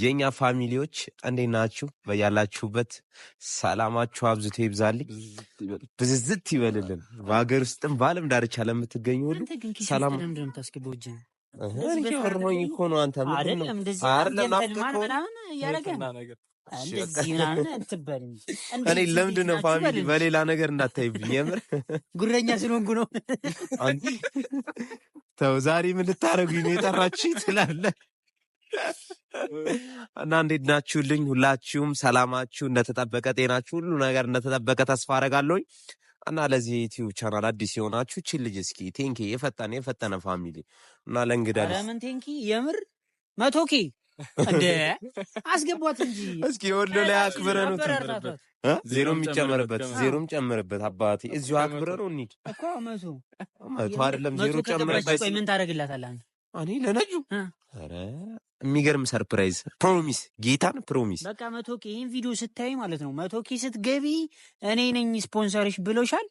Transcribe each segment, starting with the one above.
የእኛ ፋሚሊዎች እንዴት ናችሁ? በያላችሁበት ሰላማችሁ አብዝቶ ይብዛልኝ፣ ብዝዝት ይበልልን። በሀገር ውስጥም በዓለም ዳርቻ ለምትገኙ ሁሉ ሰላም ሆኝ እኮ ነው። አንተ እኔ ለምንድን ነው ፋሚሊ በሌላ ነገር እንዳታይብኝ፣ የምር ጉረኛ ስለሆንኩ ነው። ተው ዛሬ ምን ልታደርጉኝ ነው የጠራችሁኝ ትላለህ እና እንዴት ናችሁልኝ? ሁላችሁም ሰላማችሁ እንደተጠበቀ፣ ጤናችሁ ሁሉ ነገር እንደተጠበቀ ተስፋ አደርጋለሁኝ። እና ለዚህ ዩቲዩብ ቻናል አዲስ የሆናችሁ ቺን ልጅ እስኪ ቴንኪ የፈጠነ የፈጠነ ፋሚሊ እና ለእንግዳ ለምን ቴንኪ የምር መቶ ኬ እንደ አስገቧት እንጂ እስኪ ወሎ ላይ አክብረኑ ዜሮም ይጨመርበት፣ ዜሮም ጨምርበት። አባቴ እዚሁ አክብረኑ እንሂድ እኮ መቶ መቶ አይደለም ዜሮ ጨምርበት። ምን ታደርግላታለህ? እኔ ለነጁ የሚገርም ሰርፕራይዝ ፕሮሚስ፣ ጌታን ፕሮሚስ። በቃ መቶኬ ይህን ቪዲዮ ስታይ ማለት ነው መቶኬ ስትገቢ እኔ ነኝ ስፖንሰርሽ ብሎሻል።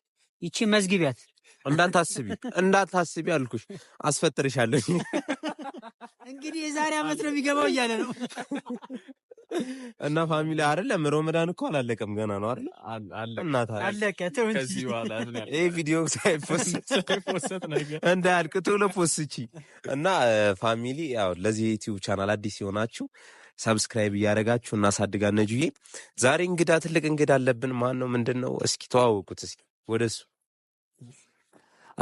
ይቺ መዝግቢያት፣ እንዳታስቢ እንዳታስቢ አልኩሽ፣ አስፈጥርሻለሁ። እንግዲህ የዛሬ ዓመት ነው የሚገባው እያለ ነው እና ፋሚሊ አይደለም ሮመዳን እኮ አላለቀም፣ ገና ነው አይደል? እናት አለቀ። ይህ ቪዲዮ ሳይፖስት እንዳያልቅ ቶሎ ፖስቺ። እና ፋሚሊ ያው ለዚህ ዩቲዩብ ቻናል አዲስ የሆናችሁ ሰብስክራይብ እያደረጋችሁ እናሳድጋ። ነጁዬ ዛሬ እንግዳ ትልቅ እንግዳ አለብን። ማን ነው? ምንድን ነው? እስኪ ተዋወቁት እስኪ ወደሱ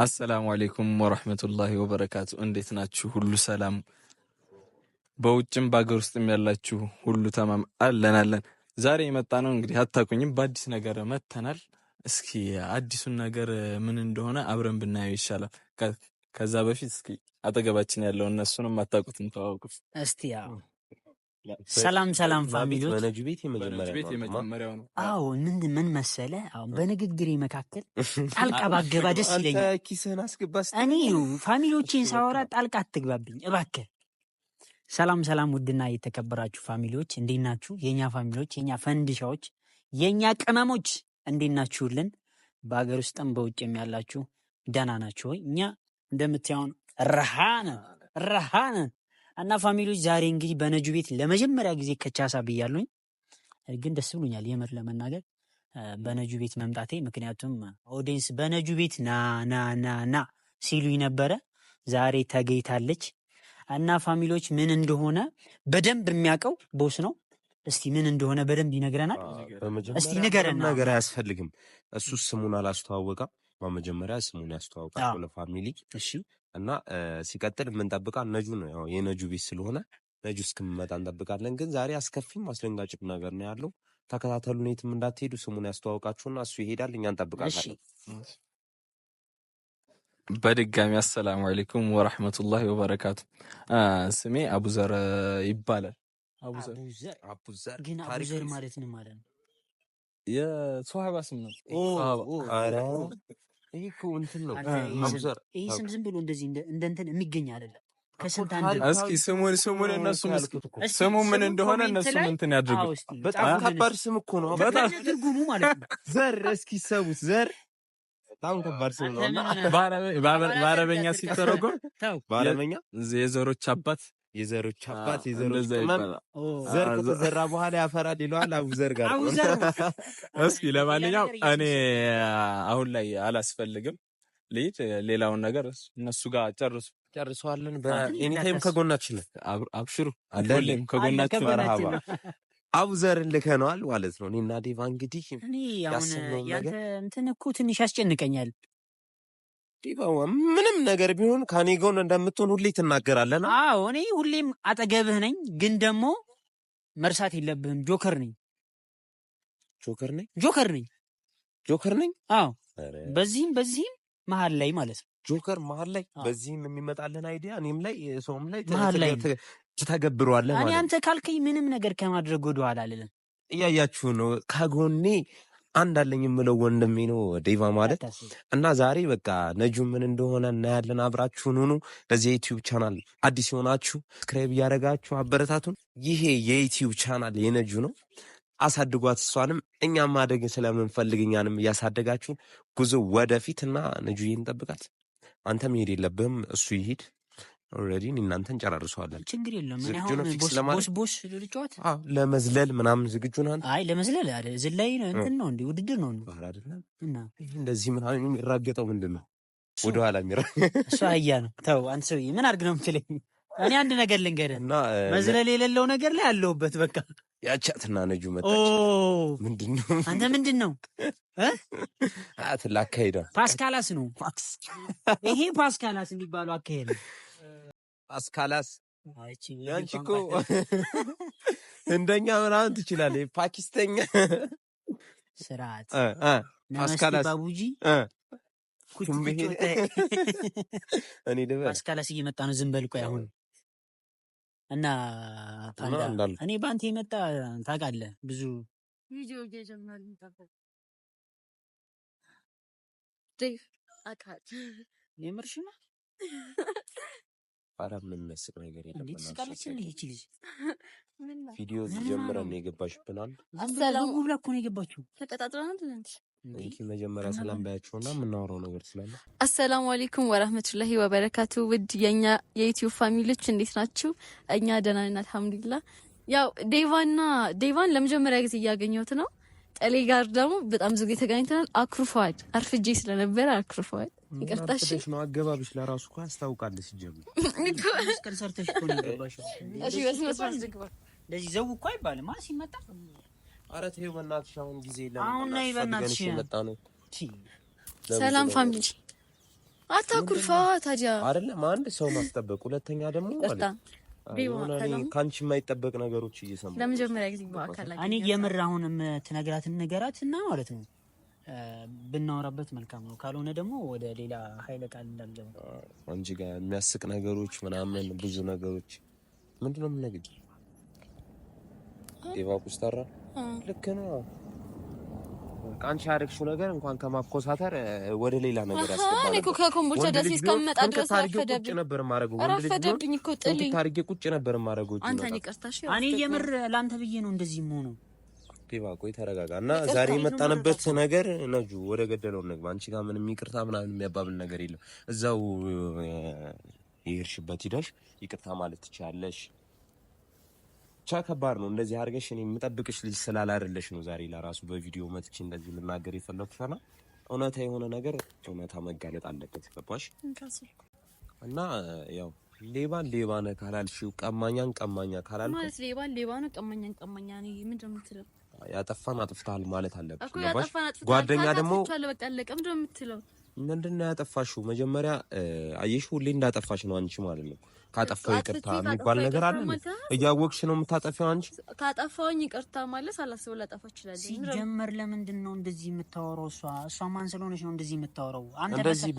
አሰላሙ አሌይኩም ወረሕመቱላሂ ወበረካቱ። እንዴት ናችሁ? ሁሉ ሰላም በውጭም በሀገር ውስጥም ያላችሁ ሁሉ ተማም አለናለን። ዛሬ የመጣ ነው እንግዲህ አታቁኝም፣ በአዲስ ነገር መተናል። እስኪ አዲሱን ነገር ምን እንደሆነ አብረን ብናየው ይሻላል። ከዛ በፊት እስኪ አጠገባችን ያለው እነሱንም አታውቁትም ተዋውቁ እስቲ። ሰላም ሰላም ፋሚሊዎች፣ በነጁ ቤት የመጀመሪያው ነው። ምን ምን መሰለ፣ አሁን በንግግሬ መካከል ጣልቃ ባገባ ደስ ይለኛል። ኪስህን አስገባ። እኔ ፋሚሊዎቼን ሳወራ ጣልቃ አትግባብኝ እባክህ። ሰላም ሰላም ውድና የተከበራችሁ ፋሚሊዎች እንዴት ናችሁ? የኛ ፋሚሊዎች፣ የእኛ ፈንድሻዎች፣ የእኛ ቅመሞች እንዴት ናችሁልን? በሀገር ውስጥም በውጭ የሚያላችሁ ደህና ናችሁ ወይ? እኛ እንደምታዩን ረሃን ረሃን እና ፋሚሊዎች ዛሬ እንግዲህ በነጁ ቤት ለመጀመሪያ ጊዜ ከቻሳ ብያሉኝ፣ ግን ደስ ብሎኛል የምር ለመናገር በነጁ ቤት መምጣቴ። ምክንያቱም ኦዲንስ በነጁ ቤት ና ና ና ና ሲሉኝ ነበረ። ዛሬ ተገኝታለች። እና ፋሚሊዎች ምን እንደሆነ በደንብ የሚያውቀው ቦስ ነው። እስቲ ምን እንደሆነ በደንብ ይነግረናል። እስቲ ንገረና። ነገር አያስፈልግም። እሱ ስሙን አላስተዋወቀም። መጀመሪያ ስሙን ያስተዋውቃል ለፋሚሊ። እሺ። እና ሲቀጥል የምንጠብቃት ነጁ ነው። ያው የነጁ ቤት ስለሆነ ነጁ እስክምመጣ እንጠብቃለን። ግን ዛሬ አስከፊም አስደንጋጭም ነገር ነው ያለው። ተከታተሉ፣ የትም እንዳትሄዱ። ስሙን ያስተዋውቃችሁና እሱ ይሄዳል። እኛ እንጠብቃለን። በድጋሚ አሰላሙ አለይኩም ወራህመቱላሂ ወበረካቱ። ስሜ አቡዘር ይባላል። አቡዘር ማለት ነው ማለት ነው የሶሃባ ስም ነው። ስም ዝም ብሎ እንደዚህ የሚገኝ አይደለም። እስኪ ስሙን ስሙን እነሱ ስሙ ምን እንደሆነ እነሱ ምንትን ያድርጉ። በጣም ከባድ ስም እኮ ነው። በጣም ትርጉሙ ማለት ነው ዘር። እስኪ ሰቡት ዘር በጣም ከባድ ስም ነው እና በአረበኛ ሲተረጎም በአረበኛ የዘሮች አባት የዘሮች አባት የዘሮች ቅመም ዘር ከተዘራ በኋላ ያፈራል ይለዋል። አቡ ዘር ጋር እስኪ ለማንኛውም እኔ አሁን ላይ አላስፈልግም ልሂድ። ሌላውን ነገር እነሱ ጋር ጨርሱ ጨርሰዋለን። በኤኒታይም ከጎናችን አብሽሩ አለም ከጎናችን መርሃባ አቡዘርን ልከነዋል ማለት ነው። እኔና ዴቫ እንግዲህ እንትን እኮ ትንሽ ያስጨንቀኛል። ዴቫ ምንም ነገር ቢሆን ከኔ ጎን እንደምትሆን ሁሌ ትናገራለን። አዎ እኔ ሁሌም አጠገብህ ነኝ፣ ግን ደግሞ መርሳት የለብህም ጆከር ነኝ። ጆከር ነኝ፣ ጆከር ነኝ፣ ጆከር ነኝ። አዎ በዚህም በዚህም መሀል ላይ ማለት ነው ጆከር መሀል ላይ በዚህም የሚመጣልን አይዲያ እኔም ላይ ሰውም ላይ ተገብሯለ እኔ አንተ ካልከኝ ምንም ነገር ከማድረግ ወደ ኋላ አልልም። እያያችሁ ነው። ከጎኔ አንድ አለኝ የምለው ወንድሜ ነው ዴቫ ማለት እና ዛሬ በቃ ነጁ ምን እንደሆነ እናያለን። አብራችሁን ሁኑ። ለዚህ የዩትዩብ ቻናል አዲስ የሆናችሁ ስክራይብ እያደረጋችሁ አበረታቱን። ይሄ የዩትዩብ ቻናል የነጁ ነው። አሳድጓት እሷንም እኛም ማደግ ስለምንፈልግ እኛንም እያሳደጋችሁን ጉዞ ወደፊት እና ነጁ ይህን ጠብቃት። አንተም ይሄድ የለብህም እሱ ይሄድ ኦልሬዲ እናንተን ጨራርሰዋለን። ችግር የለም። ቦስ ልጫወት ለመዝለል ምናምን ዝግጁ ነን። አይ ለመዝለል ዝላይ እንትን ነው እንዲ ውድድር ነው እንደዚህ ምናምን የሚራገጠው ምንድን ነው? ወደኋላ የሚራ እሱ አያ ነው። ተው አንድ ሰውዬ ምን አድርግ ነው የምትለኝ? እኔ አንድ ነገር ልንገርህ፣ መዝለል የሌለው ነገር ላይ አለሁበት። በቃ ያቻትና ነጁ መጣች። ምንድን ነው አንተ ምንድን ነው አት ላካሄዳ ፓስካላስ ነው ይሄ ፓስካላስ የሚባለው አካሄድ ነው። አስካላስ ያንቺ እኮ እንደኛ ምናምን ትችላለ። ፓኪስተኛ ስርዓት አስካላስ ባቡጂ አስካላስ እየመጣ ነው። ዝም በል ቆይ አሁን እና እኔ በአንተ የመጣ ታውቃለህ ብዙ የምርሽ ነው ኧረ የምንመስል ነገር የለም። ቪዲዮ ጀምረን የገባሽብናል። መጀመሪያ ሰላም ባያችሁና የምናወራው ነገር ስላለ አሰላሙ አሌይኩም ወራህመቱላሂ ወበረካቱ። ውድ የኛ የዩቲዩብ ፋሚሊዎች እንዴት ናችሁ? እኛ ደህና ነን አልሐምዱሊላ። ያው ዴቫና ዴቫን ለመጀመሪያ ጊዜ እያገኘሁት ነው። ጠሌ ጋር ደግሞ በጣም ብዙ ጊዜ ተገናኝተናል። አኩርፏል። አርፍጄ ስለነበረ አኩርፏል። ይቅርታሽ ነው። አገባብሽ ለራሱ እኮ አስታውቃለች። ጀምር መስቀል ሰርተሽ እኮ ነው የገባሽው። እንደዚህ ዘው እኮ አይባልም። አ ሲመጣ ኧረ ተይው በእናትሽ፣ አሁን ጊዜ የለም። ነው። ሰላም ፋሚሊ አታኩርፋ። ታዲያ አይደለም አንድ ሰው ማስጠበቅ፣ ሁለተኛ ደግሞ ከአንቺ የማይጠበቅ ነገሮች እየሰማሁ ለመጀመሪያ ጊዜ እኔ የምር አሁንም ትነግራትን ነገራት እና ማለት ነው ብናወራበት መልካም ነው። ካልሆነ ደግሞ ወደ ሌላ ኃይለ ቃል እንዳልገባ አንቺ ጋር የሚያስቅ ነገሮች ምናምን ብዙ ነገሮች ምንድን ነው የምነግድ ዴቫ ኩስታራ ልክ ነው። አንቺ ያደረግሽው ነገር እንኳን ከማኮሳተር ወደ ሌላ ነገር ያስገባል ከኮምቦልቻ ደሴ እስከምመጣ ድረስ ቁጭ ነበር ማድረገው ቁጭ ነበር ማድረገው። አንተ ይቅርታሽ፣ እኔ የምር ለአንተ ብዬ ነው እንደዚህ የምሆነው ዴባ ቆይ ተረጋጋ እና ዛሬ የመጣንበት ነገር ነጁ ወደ ገደለው እንግባ። አንቺ ጋር ምንም ይቅርታ ምናምን የሚያባብል ነገር የለም። እዛው የሄድሽበት ሂደሽ ይቅርታ ማለት ትችያለሽ። ብቻ ከባድ ነው እንደዚህ አድርገሽ እኔ የምጠብቅሽ ልጅ ስላላደለሽ ነው ዛሬ ለራሱ በቪዲዮ መጥቼ እንደዚህ ልናገር የፈለኩሽ እና እውነታ የሆነ ነገር እውነታ መጋለጥ አለበት። ገባሽ እና ያው ሌባን ሌባ ነህ ካላልሽው ቀማኛን ቀማኛ ካላልኩ ማለት ሌባን ሌባ ነው ቀማኛን ቀማኛ ነው ምንድን ነው የምትለው? ያጠፋን አጥፍታል ማለት አለብሽ። ጓደኛ ደግሞ ምንድን ነው ያጠፋሽው? መጀመሪያ አየሽ፣ ሁሌ እንዳጠፋሽ ነው አንቺ ማለት ነው ካጠፋው ይቅርታ የሚባል ነገር አለ። እያወቅሽ ነው የምታጠፊው አንቺ። ካጠፋውኝ ይቅርታ ማለት ሳላስበው ላጠፋ እችላለሁ። ሲጀመር ለምንድን ነው እንደዚህ የምታወራው? እሷ እሷ ማን ስለሆነች ነው እንደዚህ የምታወራው? እንደዚህ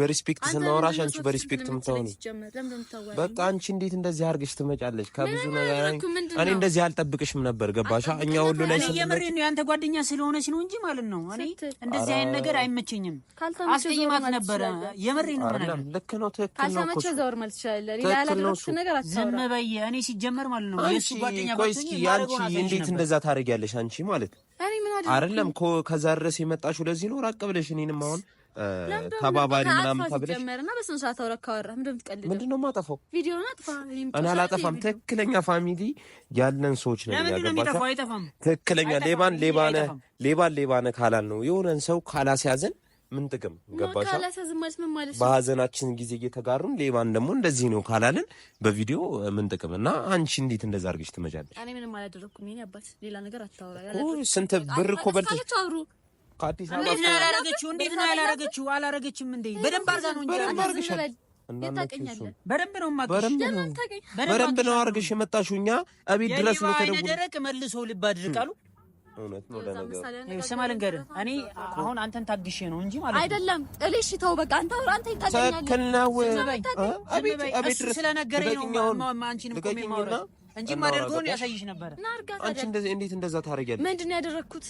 በሪስፔክት ስናወራሽ አንቺ በሪስፔክት የምታወራው በቃ አንቺ እንዴት እንደዚህ አድርገሽ ትመጫለች? ከብዙ ነገር እኔ እንደዚህ አልጠብቅሽም ነበር። ገባሻ? እኛ ሁሉ ላይ የምሬ ነው። ያንተ ጓደኛ ስለሆነች ነው እንጂ ማለት ነው። እኔ እንደዚህ አይነት ነገር አይመቸኝም። አስቀይማት ነበረ። የምሬ ነው። ልክ ነው። ትክክል ነው። ካልተመቸህ ዘወር ማለት ትችላለህ። ዝም በይ። እኔ ሲጀመር ማለት ነው የእሱ ጓደኛ እንዴት እንደዛ ታደርጊያለሽ አንቺ ማለት አይደለም። ከዛ ድረስ የመጣሽው ለዚህ ነው። ራቅ ብለሽ እኔንም አሁን ተባባሪ ምናምን ተብለሽ ምንድን ነው የማጠፋው? እኔ አላጠፋም። ትክክለኛ ፋሚሊ ያለን ሰዎች ነው። ትክክለኛ ሌባን ሌባነ ሌባን ሌባነ ካላል ነው የሆነን ሰው ካላስያዘን ምን ጥቅም ገባሽ? በሀዘናችን ጊዜ እየተጋሩን ሌባን ደግሞ እንደዚህ ነው ካላልን በቪዲዮ ምን ጥቅም? እና አንቺ እንዴት እንደዛ አድርገሽ ትመጫለሽ? እኔ ምንም አላደረኩም። አባት ሌላ ነገር ስንት ብር እኮ በልተሽ ከአዲስ አበባ እንዴት ነው ያላረገችው? እንዴት ነው ያላረገችው? አላረገችም እንዴ? በደንብ ነው እንጂ በደንብ በደንብ ነው አድርገሽ የመጣሽው። እኛ እቤት ድረስ ነው ተደውሎ ደረቅ መልሶ ልብ አድርቃሉ እውነት ነው ለነገሩ ስማ ልንገርህ እኔ አሁን አንተን ታግሼ ነው እንጂ ማለት አይደለም ጥልሽ ተው በቃ አንተ አንተ ይታገኛለህ አቤት አቤት አቤት ስለነገረኝ ነው አንቺንም ቆሜ ማውራት እንጂ ማደርገውን ያሳይሽ ነበር አንቺ እንደዚህ እንዴት እንደዛ ታደርጊያለሽ ምንድን ነው ያደረግኩት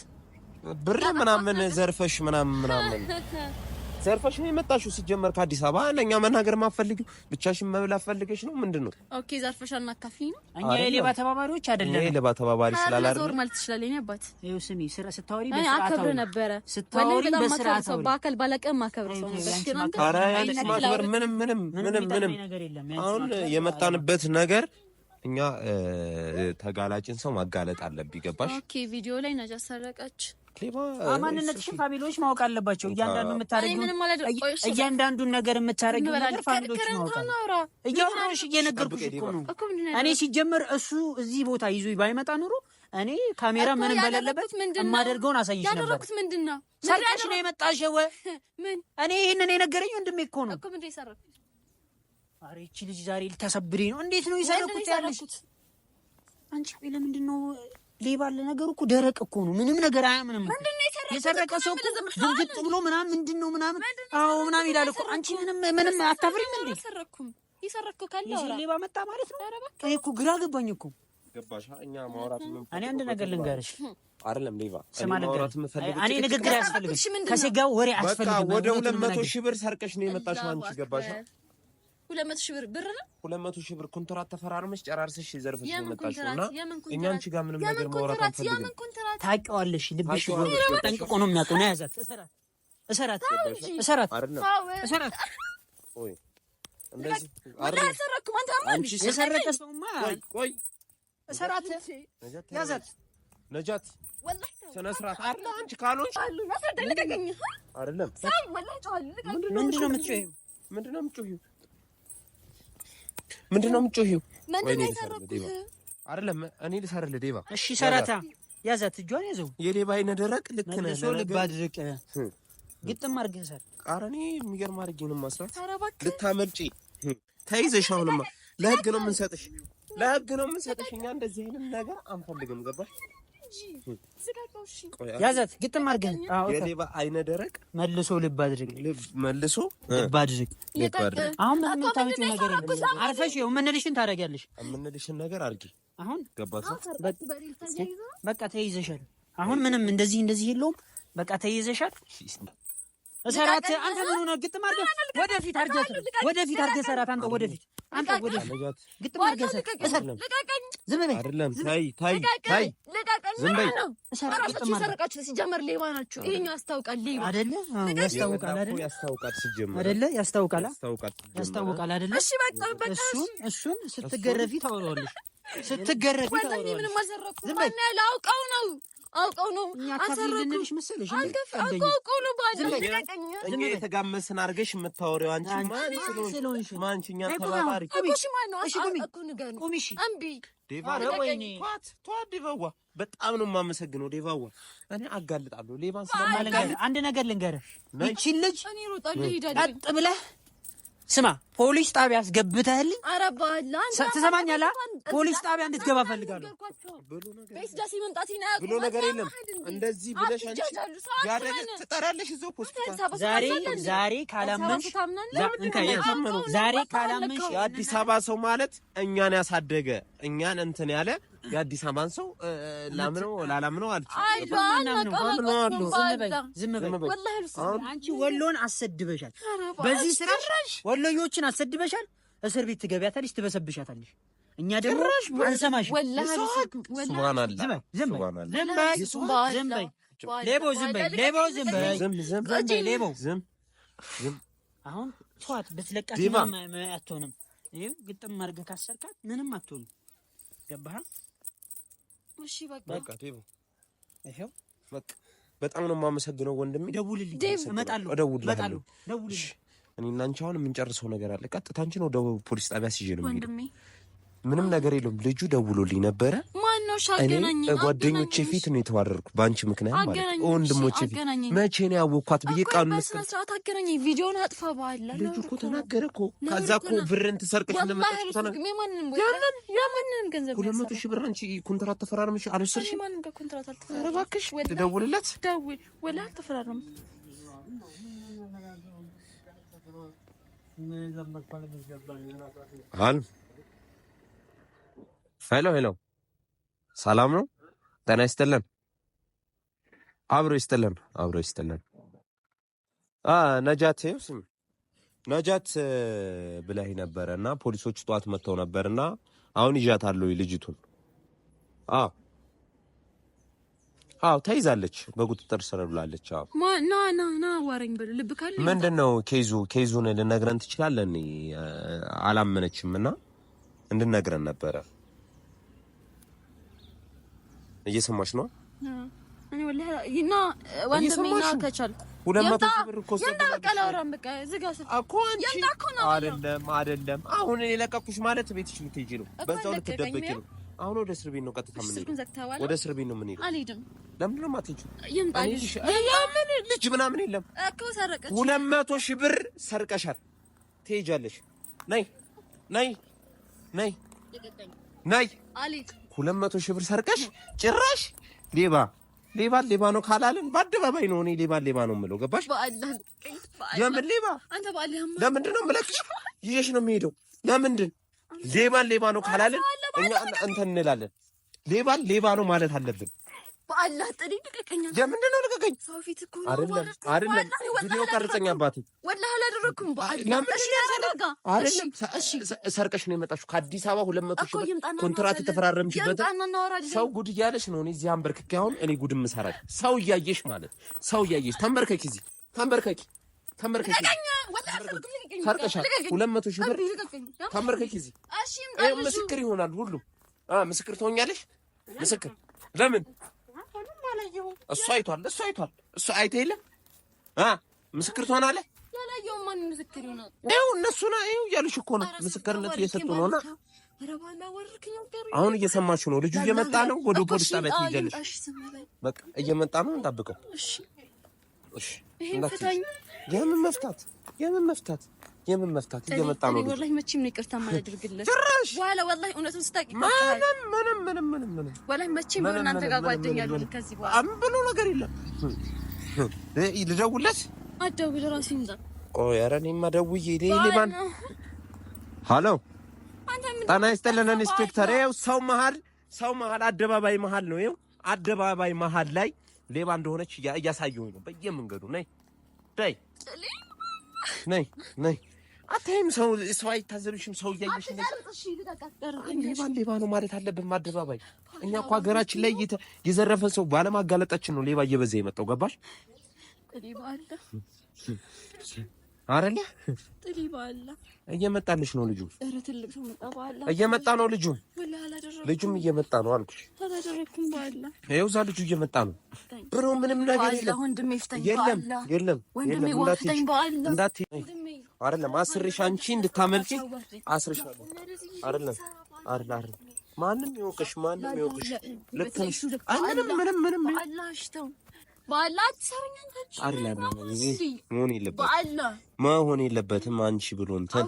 ብር ምናምን ዘርፈሽ ምናምን ምናምን ዘርፈሽ ነው የመጣሽው። ሲጀመር ከአዲስ አበባ ለእኛ መናገር ማፈልግ ብቻሽን መብላት ፈልገሽ ነው ምንድን ነው? ኦኬ ዘርፈሽ አናካፊ ነው። እኛ የሌባ ተባባሪዎች አይደለም። የሌባ ተባባሪ ስላላ አይደለም። ዞር ማለት ትችላለህ። እኔ አባት ይኸው ስሚ፣ ስራ ስታወሪ በስርዓት አከብር ነበረ። ስታወሪ በስርዓት ሰው በአካል ባለቀም ማከብር ሰው ነበር። ኧረ ያንቺ ማክበር ምንም ምንም ምንም ምንም። አሁን የመጣንበት ነገር እኛ ተጋላጭን ሰው ማጋለጥ አለብኝ። ገባሽ? ኦኬ ቪዲዮ ላይ ነጃ ሰረቀች ማንነትሽን ፋሚሊዎች ማወቅ አለባቸው። እያንዳንዱ እያንዳንዱን ነገር የምታደርጊው ነገር ፋሚሊዎች ማወቅ እያወራሁሽ እየነገርኩሽ እኮ ነው። እኔ ሲጀመር እሱ እዚህ ቦታ ይዞ ባይመጣ ኑሮ እኔ ካሜራ ምንም በሌለበት የማደርገውን አሳይሽ ነበር። ያደረኩት ምንድን ነው? ሰርቀሽ ነው የመጣሽው። እኔ ይህንን የነገረኝ ወንድሜ እኮ ነው። ኧረ ይቺ ልጅ ዛሬ ልታሰብሪ ነው። እንዴት ነው የሰረኩት ያለሽ አንቺ? ለምንድን ነው ሌባ አለ። ነገሩ እኮ ደረቅ እኮ ነው። ምንም ነገር አያምንም። የሰረቀ ሰው ድንግጥ ብሎ ምናምን ምንድን ነው ምናምን አዎ ምናምን ይላል እኮ። አንቺ ምንም ምንም አታፍሪም እንዴ? ካለ ሌባ መጣ ማለት ነው። እኔ እኮ ግራ ገባኝ እኮ። ማውራት እኔ አንድ ነገር ልንገርሽ አይደለም ሌባ ስማ፣ እኔ ንግግር አያስፈልግም። ከሴት ጋር ወሬ አያስፈልግም። ወደ ሁለት መቶ ሺህ ብር ሰርቀሽ ነው የመጣሽ አንቺ ገባሽ ሁለት ሺህ ብር ብር ነው። ሁለት ሺህ ብር ኮንትራት ተፈራርመሽ ጨራርሰሽ ዘርፈሽ ነው እኛ አንቺ ጋር ምንም ነገር ማውራት አንፈልግም። ታውቂዋለሽ፣ ልብሽ ጠንቅቆ ነው የሚያውቀው። ነው ያዛት እሰራት እሰራት እሰራት እሰራት ቆይ እንደዚህ አሰረኩም። አንተ አንቺ የሰረቀ ሰውማ ቆይ እሰራት ያዛት ነጃት ስነ ስርዓት አለ። አንቺ ካልሆንሽ አይደለም ምንድን ነው የምትጮሂው? ምንድን ነው የምትጮሂው? ምንድን ነው የምትጮሂው? አይደለም እኔ ልሰርልህ ዴባ። እሺ ሰራታ ያዛት፣ እጇን ያዘው። የዴባ አይነ ደረቅ ልክ ነህ። ሰው ልብ አድርቅ፣ ግጥም አድርገህ ሰር። ኧረ እኔ የሚገርም አድርጌ ነው የማስራት። ልታመልጪ ተይዘሽ፣ አሁንማ ለህግ ነው የምንሰጥሽ፣ ለህግ ነው የምንሰጥሽ። እኛ እንደዚህ አይነት ነገር አንፈልግም። ገባሽ? ያዛት ግጥም አድርገን የሌባ አይነ ደረቅ መልሶ ልብ አድርግ መልሶ ልብ አድርግ። አሁን ምንም ታመጪው ነገር አርፈሽ የምንልሽን ታደርጊያለሽ። የምንልሽን ነገር አድርጊ። አሁን ገባት። በቃ ተይዘሻል። አሁን ምንም እንደዚህ እንደዚህ የለውም። በቃ ተይዘሻል። እሰራት አንተ ምን ሆነ? ግጥም አድርገህ ወደፊት አድርገህ ወደፊት አድርገህ እሰራት። አንተ ወደፊት አንተ ወደፊት ግጥም አድርገህ እሰራት። ዝም በይ አይደለም፣ ታይ ታይ ታይ ዝም በይ እሰራት። ግጥም አድርገህ ሲጀመር ሌባ ናችሁ። ይሄኛው ያስታውቃል፣ ሌባ አይደለ? ያስታውቃል አይደለ? ያስታውቃል ሲጀመር አይደለ? ያስታውቃል ያስታውቃል አይደለ? እሺ በቃ በቃ እሱን እሱን ስትገረፊ ታወራዋለሽ፣ ስትገረፊ ታወራዋለሽ። ምንም አልሰረኩም። ማን ያላውቀው ነው አውቀው ነው አሰረኩሽ መሰለሽ። አውቀው ነው የተጋመስን አድርገሽ የምታወሪው አንቺ ተባባሪ ዴቫዋ በጣም ነው የማመሰግነው። ዴቫዋ እኔ አጋልጣለሁ። አንድ ነገር ልንገርህ፣ ይቺን ልጅ ቀጥ ብለህ ስማ ፖሊስ ጣቢያ አስገብተህልኝ ትሰማኛለህ? ፖሊስ ጣቢያ እንድትገባ እፈልጋለሁ። ብሎ ነገር የለም። እንደዚህ ብለሽ ትጠራለሽ። ዛሬ ካላመንሽ ዛሬ ካላመንሽ የአዲስ አበባ ሰው ማለት እኛን ያሳደገ እኛን እንትን ያለ የአዲስ አበባን ሰው ላምነው ላላምነው አንቺ ወሎን አሰድበሻል። በዚህ ስራ ወሎኞችን አሰድበሻል። እስር ቤት ትገቢያታለሽ፣ ትበሰብሻታለሽ። እኛ ደግሞ አንሰማሽ። አሁን ተዋት። ብትለቃት ምንም አትሆንም። ግጥም አድርገህ ካሰርካት ምንም አትሆንም። ገባህ? እሺ በቃ በቃ ዴቭ፣ ይሄው በቃ በጣም ነው የማመሰግነው ወንድሜ። ደውልልኝ፣ እመጣለሁ፣ እደውልልሃለሁ። ደውልልኝ። እኔ እና አንቺ አሁን የምንጨርሰው ነገር አለ። ቀጥታ አንቺ ነው ፖሊስ ጣቢያ ሲዤ ነው ምንም ነገር የለውም። ልጁ ደውሎልኝ ነበረ። እኔ ጓደኞቼ ፊት ነው የተዋረርኩ በአንቺ ምክንያት ማለት ነው። ወንድሞቼ ፊት መቼ ነው ያወቅኳት ብዬ ቃሉ ስነስርዓት አገናኝ። ቪዲዮን አጥፋ ባለ ልጁ እኮ ተናገረ እኮ ከዛ እኮ ብርን ትሰርቅሽ ለመጠቅሳነያንን ሁለት መቶ ሺህ ብር አንቺ ኮንትራት ተፈራረምሽ አልወሰድሽ እባክሽ ትደውልለት ደውል ወላ አልተፈራረም ሄሎ ሄሎ ሰላም ነው። ጤና ይስጥልን። አብሮ ይስጥልን። አብሮ ይስጥልን። ነጃት ይኸው ስም ነጃት ብላይ ነበረ እና ፖሊሶች ጠዋት መጥተው ነበር እና አሁን ይዣታለሁ ልጅቱን። አዎ አዎ ተይዛለች፣ በቁጥጥር ስር ብላለች። አዎ ና ና ና አዋረኝ ልብ ካለ ምንድን ነው ኬዙ? ኬዙን ልነግረን ትችላለን። አላመነችም እና እንድነግረን ነበረ እየሰማሽ ነው? እና አይደለም አሁን የለቀኩሽ ማለት ቤትሽ ልትሄጂ ነው። በዛው ልትደበቂ ነው። አሁን ወደ እስር ቤት ነው ቀጥታ የምንሄደው። ወደ እስር ቤት ነው የምንሄደው። ነው ልጅ ምናምን የለም። ሁለት መቶ ሺህ ብር ሰርቀሻል። ትሄጃለሽ። ነይ ነይ ነይ ነይ ሁለት መቶ ሺህ ብር ሰርቀሽ ጭራሽ ሌባ ሌባ ሌባ ነው ካላልን በአደባባይ ነው እኔ ሌባ ሌባ ነው የምለው። ገባሽ? ለምን ሌባ ለምንድን ነው የምለቅሽ? ይዤሽ ነው የሚሄደው። ለምንድን ሌባን ሌባ ነው ካላልን እኛ እንትን እንላለን። ሌባን ሌባ ነው ማለት አለብን። በአላህ ጥሪ ልቀቀኝ። ለምንድን ነው ልቀቀኝ? ሰው ፊት እኮ አይደለም አይደለም፣ ቪዲዮ ቀርጸኝ። አባቴ ወላሂ አላደረኩም። ሰርቀሽ ነው የመጣሽው ከአዲስ አበባ ሁለት መቶ ሺህ ኮንትራት የተፈራረምሽበት ሰው ጉድ እያለሽ ነው። እኔ እዚህ አንበርክኬ አሁን እኔ ጉድ የምሰራሽ ሰው እያየሽ ማለት ሰው እያየሽ ተንበርከኪ፣ እዚህ ተንበርከኪ፣ ተንበርከኪ እዚህ ተንበርከኪ ሰርቀሻል ሁለት መቶ ሺህ ብር ተንበርከኪ፣ እዚህ ምስክር ይሆናል ሁሉም። ምስክር ትሆኛለሽ። ምስክር ለምን አላየሁም። እሱ አይቷል። እሱ አይቷል። እሱ አይተህ የለም ምስክር ትሆናለህ። ያላየሁም ማን ምስክር ይሆናል? ይኸው እነሱ ነው። ይኸው እያሉሽ እኮ ነው፣ ምስክርነት እየሰጡ ነው። እና አሁን እየሰማችሁ ነው። ልጁ እየመጣ ነው። ወደ ፖሊስ ጣቢያ ትሄጃለሽ። በቃ እየመጣ ነው። እንጠብቀው። የምን መፍታት የምን መፍታት የምን መፍታት እየመጣ ነው? ወላሂ መቼም ነው ይቅርታ ማላደርግልህ ጭራሽ። ዋለ ወላሂ እውነቱን ስታቂ ምንም ምንም ምንም ምንም ምንም ወላሂ መቼም ቢሆን አንተ ጋር ጓደኛ አልሆንም ከዚህ በኋላ አምብሎ ነገር የለም። ልደውልለት አትደውል፣ እራሱ ይምጣ። ቆይ ኧረ እኔማ ደውዬ ሌባን ሀሎ ጤና ይስጥልን ኢንስፔክተር። ይኸው ሰው መሀል ሰው መሀል አደባባይ መሀል ነው። ይኸው አደባባይ መሀል ላይ ሌባ እንደሆነች እያሳየሁኝ ነው። በየመንገዱ ነይ ነይ ነይ ነይ አታይም? ሰው ሰው አይታዘብሽም? ሰው እያየሽ ሌባ ነው ማለት አለብን። ማደባባይ። እኛ እኮ ሀገራችን ላይ የዘረፈን ሰው ባለማጋለጣችን ነው ሌባ እየበዛ የመጣው ገባሽ? አረለ ጥሊ ባላ እየመጣልሽ ነው ልጁ። ኧረ ትልቅ ሰው መጣ ባላ እየመጣ ነው ልጁ። ልጁም እየመጣ ነው አልኩሽ። ይኸው እዛ ልጁ እየመጣ ነው። ብሮ ምንም ነገር የለም፣ የለም፣ የለም። አይደለም አስርሽ አንቺ እንድታመልጪ አስርሽ አይደለም፣ አይደለም ማንም ይወቅሽ፣ ማንም ይወቅሽ። ልክ ነሽ። ምንም ምንም ምንም መሆን የለበትም። አንቺ ብሎ እንትን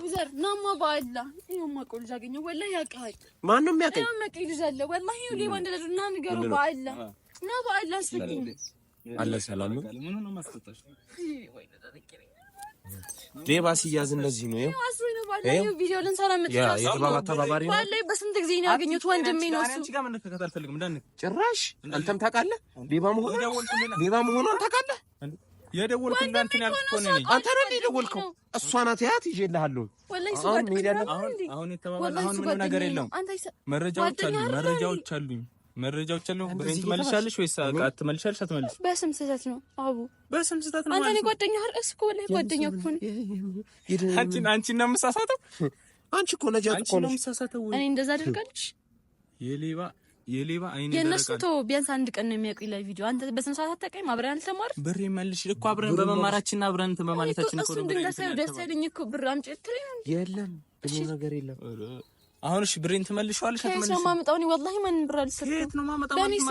ማንም አለ። ሰላም ሌባ ሲያዝ እንደዚህ ነው። አንዳኛው ቪዲዮ ልንሰራ የጥበባት ተባባሪ ነው። በስንት ጊዜ ነው ያገኘሁት ወንድሜ ነው እሱ። ጭራሽ አንተም ታውቃለህ ሌባ ታውቃለህ። አንተ የደወልከው፣ እሷ ናት ያት። ይዤልሃለሁ አሁን ነገር የለውም። መረጃዎች አሉኝ መረጃዎች አሉኝ መረጃዎች አሉ። ብሬን ትመልሻለሽ ወይስ አትመልሻለሽ? አትመልሽ። በስም ስህተት ነው አቡ፣ በስም ስህተት ነው። አንተ ጓደኛ እርስ እኮ ላይ ጓደኛ እኮ ነው። አንቺን አንቺን ነው የምሳሳተው። አንቺ እኮ ነጃት እኮ ነው የምሳሳተው። እኔ እንደዛ አደርጋለሽ። የሌባ የሌባ አይን የእነሱ ተው፣ ቢያንስ አንድ ቀን ነው የሚያውቁኝ ላይ ቪዲዮ። አንተ በስም ሰዓት አታውቅም። አብረን አልተማር ብር ይመልሽ እኮ አብረን በመማራችንና አብረን በማለታችን እኮ ነው። ደስ አይለኝ እኮ ብር አምጪ ትለኝ የለም፣ ብዙ ነገር የለም አሁን እሺ ብሬን ትመልሺዋለሽ? ከየት ነው የማመጣው? እኔ ወላሂ ማንም ብር አልሰጠሁም። ከየት ነው የማመጣው? አይደለም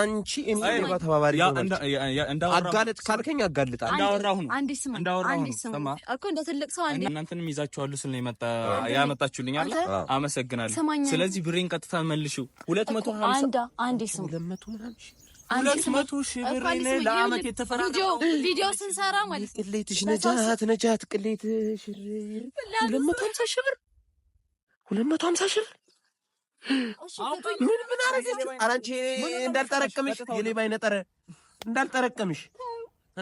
አንቺ እኔ ተባባሪ አጋለጥ ካልከኝ አጋልጣለሁ። ነው ነው እንደ ሰው አንዴ እናንተንም ይዛችኋሉ ያመጣችሁልኝ አለ። አመሰግናለሁ። ስለዚህ ብሬን ቀጥታ መልሽው ሁለት መቶ ሀምሳ ሁለት መቶ ሺህ ብር ለአመት የተፈራረው ቪዲዮ ስንሰራ ማለት ቅሌትሽ ነጃት ነጃት ቅሌትሽ ሁለት መቶ ሀምሳ ሺህ ብር ሁለት መቶ ሀምሳ ሺህ ብር ምን ምን አረገች? አንቺ እንዳልጠረቀምሽ የሌባ አይነጠረ እንዳልጠረቀምሽ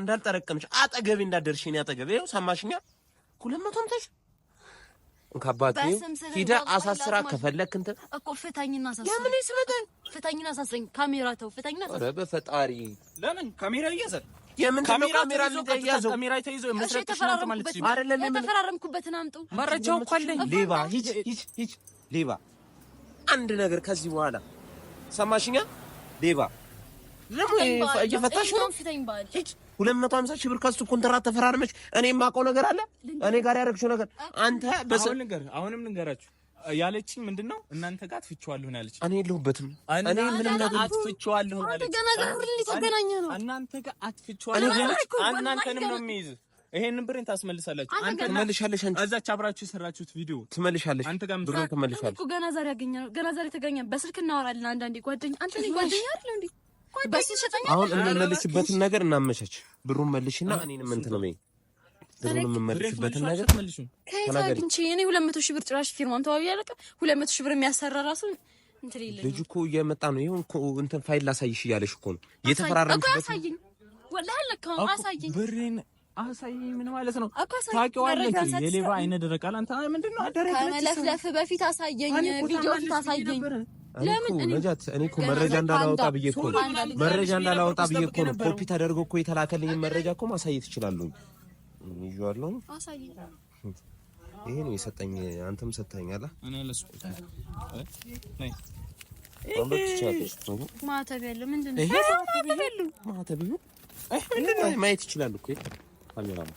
እንዳልጠረቀምሽ አጠገቤ እንዳደርሽ እኔ አጠገቤ ይኸው ሰማሽኛ ሁለት መቶ ሀምሳ ሺህ ከአባቴ ሂደህ አሳስራ ከፈለክ እንትን እኮ ፍታኝና አሳስረኝ። ለምን ይስፈታኝ? ፍታኝና አሳስረኝ። ካሜራ ተው፣ ፍታኝና አሳስረኝ። ኧረ በፈጣሪ ለምን ካሜራ ይያዛል? የምን ካሜራ ተይዞ ካሜራ ተይዞ መስረት ተፈራረምኩበት ማለት ነው አይደለም? የተፈራረምኩበትን አምጡ። መረጃው እኮ አለኝ። ሌባ ሂጅ፣ ሂጅ፣ ሂጅ። ሌባ አንድ ነገር ከዚህ በኋላ ሰማሽኛ? ሌባ ለምን እየፈታሽ ነው? ፍታኝ ባል ሂጅ ሁለት መቶ ሀምሳ ሺህ ብር ከሱ ኮንትራት ተፈራርመች። እኔ የማውቀው ነገር አለ እኔ ጋር ያደረግሽው ነገር አንተ በሰው ነገር አሁንም ልንገራችሁ ያለችኝ ምንድን ነው? እናንተ ጋር አትፍቼዋለሁ ነው ያለችኝ። እኔ የለሁበትም። እኔ ምንም ነገር አትፍቼዋለሁ ነው ያለችኝ። እናንተ ጋር አትፍቼዋለሁ ነው ያለችኝ። አንተንም ነው የሚይዝህ ይሄንን ብሬን ታስመልሳላችሁ። አንተ ትመልሻለሽ። አንቺ እዛች አብራችሁ የሰራችሁት ቪዲዮ ትመልሻለሽ። አንተ ጋር ብሬን ትመልሻለሽ። ገና ዛሬ ያገኛል። ገና ዛሬ ተገኘን። በስልክ እናወራለን አንዳንዴ ጓደኛ አንተ ጓደኛ አይደል እንዴ አሁን የምመልስበትን ነገር እናመሸች ብሩን መልሽና እኔንም እንትን ነው ብሩን የምመልስበትን ነገር ከየት እኔ ሁለት መቶ ሺህ ብር ጭራሽ ፊርማም ተዋቢ አለቅም። ሁለት መቶ ሺህ ብር የሚያሰራ ራሱ እንትን የለኝም። ልጁ እኮ እየመጣ ነው። ይሁን እንትን ፋይል ላሳይሽ እያለሽ እኮ ነው የተፈራረምሽበት። አሳየኝ፣ ብሬን አሳየኝ ምን ማለት ነው? ታውቂዋለሽ፣ የሌባ አይነ ደረቃል። አንተ ምንድን ነው ከመለፍለፍ በፊት አሳየኝ፣ ቪዲዮ አሳየኝ ነጃት እኔ እኮ መረጃ እንዳላወጣ ብዬ እኮ መረጃ እንዳላወጣ ብዬ እኮ ነው። ኮፒ ተደርጎ እኮ የተላከልኝ መረጃ እኮ ማሳየት እችላለሁ። ይዤዋለሁ። ይሄ ነው የሰጠኝ። አንተም ሰጥተኸኛል። ማየት ይችላል እኮ ካሜራ ነው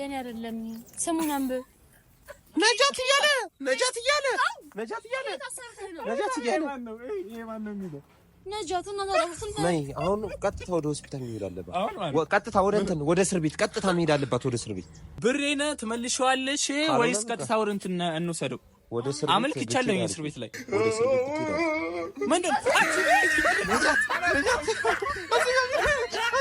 የኔ አይደለም። ስሙን አንብብ ነጃት እያለ ነጃት እያለ ነጃት እያለ አሁን ቀጥታ ወደ ሆስፒታል መሄድ አለባት። ቀጥታ ወደ እንትን ወደ እስር ቤት ቀጥታ መሄድ አለባት። ወደ እስር ቤት ብሬነ ትመልሸዋለሽ ወይስ ቀጥታ ወደ እንትን እንውሰደው? ወደ እስር ቤት አመልክቻለሁ። እስር ቤት ላይ ወደ እስር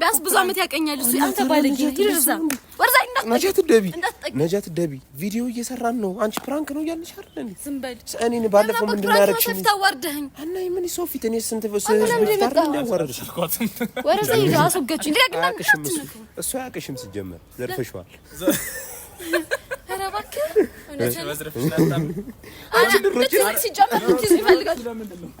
ቢያንስ ብዙ አመት ያቀኛል እሱ። አንተ ባለጌ ነጃት ደቢ ነጃት ደቢ ቪዲዮ እየሰራን ነው። አንቺ ፕራንክ ነው እያለሽ አይደል? ዝም በል። እኔን ባለፈው ምንድን ነው ያደረግሽኝ? ታዋርደኸኝ እና ምን ሶፊት እኔ ስንት እሱ አያውቅሽም ሲጀመር ዘርፈሽዋል። ሲጀመር ይፈልጋል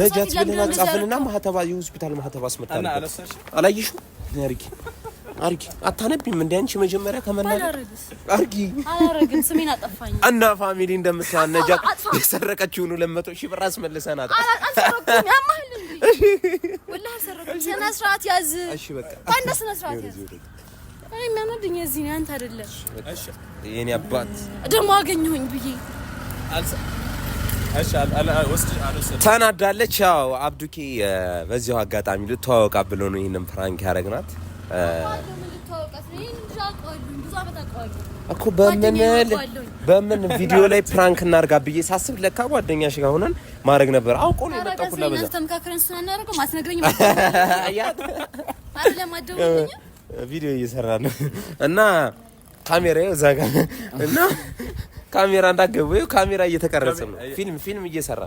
ነጃት ብለና ጻፍንና ማህተባ የሆስፒታል ማህተባ አስመጣለሁ። አላየሽም? አርጊ አርጊ፣ አታነቢም እንደ አንቺ መጀመሪያ ከመናገር አርጊ። አላረግም ስሜን አጠፋኝ እና ፋሚሊ እንደምትዋን ነጃት የሰረቀችውን ሁለት መቶ ሺህ ብር አስመልሰናት። አላሰረኩም፣ ያማል እንዴ ወላህ አልሰረኩም። ስነ ስርዓት ያዝ። እሺ በቃ አንተ ስነ ስርዓት ያዝ። እኔ የሚያናድኝ የዚህ አንተ አይደለም። እሺ የኔ አባት ደግሞ አገኘሁኝ ብዬ አልሳ ተናዳለች። ያው አብዱኪ በዚያው አጋጣሚ ልተዋወቃ ብሎ ነው ይህንን ፍራንክ ያደረግናት እኮ በምን ቪዲዮ ላይ ፕራንክ እናርጋ ብዬ ሳስብ ለካ ጓደኛሽ ጋር ሆነን ማድረግ ነበር። አውቆ ነው የመጣው። ለበዛ ተመካክረን ስናናረገው ማስነግረኝ ቪዲዮ እየሰራ ነው እና ካሜራ እዛ ጋር እና ካሜራ እንዳገቡ ካሜራ እየተቀረጸ ነው። ፊልም ፊልም እየሰራ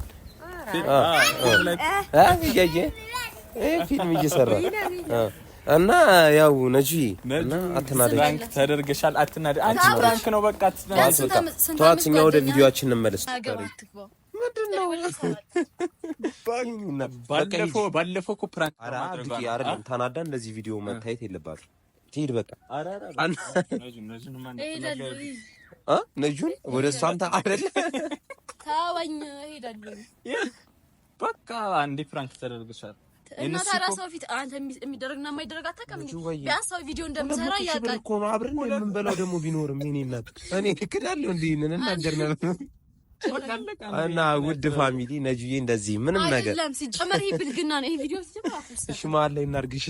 እያየ ፊልም እየሰራ እና ያው ነጂ አትናደጅ ተደርገሻል። አትናደጅ አንቺ ፍራንክ ነው በቃ ተዋት። እኛ ወደ ቪዲዮአችን እንመለስ። ባለፈው ባለፈው እኮ ፕራንክ አይደለም እንደዚህ ቪዲዮ መታየት የለባትም። ትሂድ በቃ ነጁን ወደ እሷም አይደለ ታወኝ ሄዳለሁ። በቃ አንዴ ፍራንክ ተደርግሻል። እና ታዲያ ሰው ፊት አንተ የሚደረግና የማይደረግ አታውቅም። ቢያንስ ሰው ቪዲዮ እንደምሰራ ያውቃል እኮ ነው። አብረን የምንበላው ደግሞ ቢኖርም የእኔ እናት እኔ እክዳለሁ እንደ ይሄንን እናገር ነበር። እና ውድ ፋሚሊ ነጁዬ እንደዚህ ምንም ነገር አይደለም። ሲጀመር ይሄ ብልግና ነው። ይሄ ቪዲዮ ሲጀመር አፍልሰሽ ሽማል ላይ እናድርግሽ።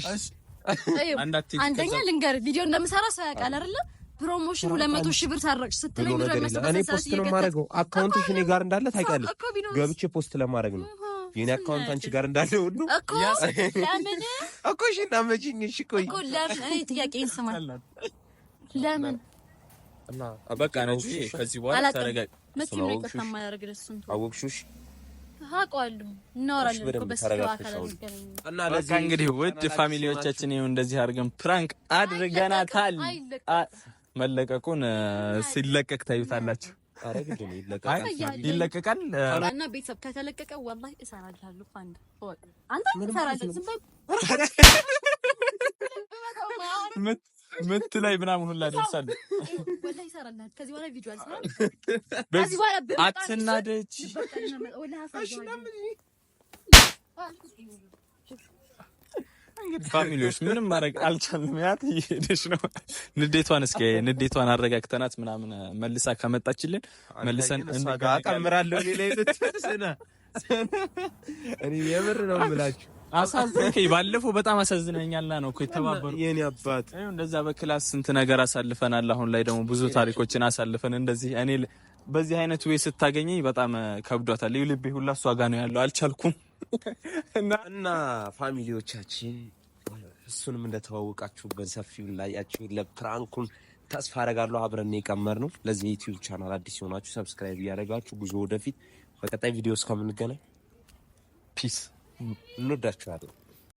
አንደኛ ልንገር ቪዲዮ እንደምሰራ ሰው ያውቃል አይደለ ፕሮሞሽን ሁለት ሺህ ብር ታረቅሽ ስትለኝ እኔ ፖስት ነው የማደርገው። አካውንትሽ እኔ ጋር እንዳለ ታውቂያለሽ። ገብቼ ፖስት ለማድረግ ነው የኔ አካውንት አንቺ ጋር እንዳለ ሁሉ እኮ ለምን እኮ እሺ። እናመጪኝ እሺ። ቆይ እኮ ለምን ጥያቄ ስማ። ለምን እና በቃ ነው እሺ። ከዚህ በኋላ ተረጋግ መቼም ነው ይቅርታ የማያደርግ ደሱን አወቅሽሽ እና ለዚህ እንግዲህ ውድ ፋሚሊዎቻችን ይኸው እንደዚህ አድርገን ፕራንክ አድርገናታል። መለቀቁን ሲለቀቅ ታዩታላችሁ። ይለቀቃል እና ከተለቀቀ ወላሂ እሰራልሃለሁ። ምት ላይ ምናምን ሁላ ደርሳለሁ። ከዚህ ፋሚሊዎች ምንም ማድረግ አልቻልም። ያት እየሄደች ነው። ንዴቷን እስኪ ንዴቷን አረጋግተናት ምናምን መልሳ ከመጣችልን መልሰን አቀምራለሁ። እኔ የምር ነው ምላችሁ አሳዘንከኝ። ባለፈው በጣም አሳዝነኛልና ነው እኮ የተባበሩ የኔ አባት። እንደዛ በክላስ ስንት ነገር አሳልፈናል። አሁን ላይ ደግሞ ብዙ ታሪኮችን አሳልፈን እንደዚህ እኔ በዚህ አይነት ወይ ስታገኘኝ በጣም ከብዷታል። ልቤ ሁላ እሷ ጋ ነው ያለው። አልቻልኩም እና ፋሚሊዎቻችን እሱንም እንደተዋወቃችሁበት ሰፊው ላያችሁ ለፕራንኩን ተስፋ አረጋለሁ። አብረን የቀመር ነው። ለዚህ ዩቲዩብ ቻናል አዲስ የሆናችሁ ሰብስክራይብ እያደረጋችሁ ጉዞ ወደፊት። በቀጣይ ቪዲዮ እስከምንገናኝ ፒስ፣ እንወዳችኋለን።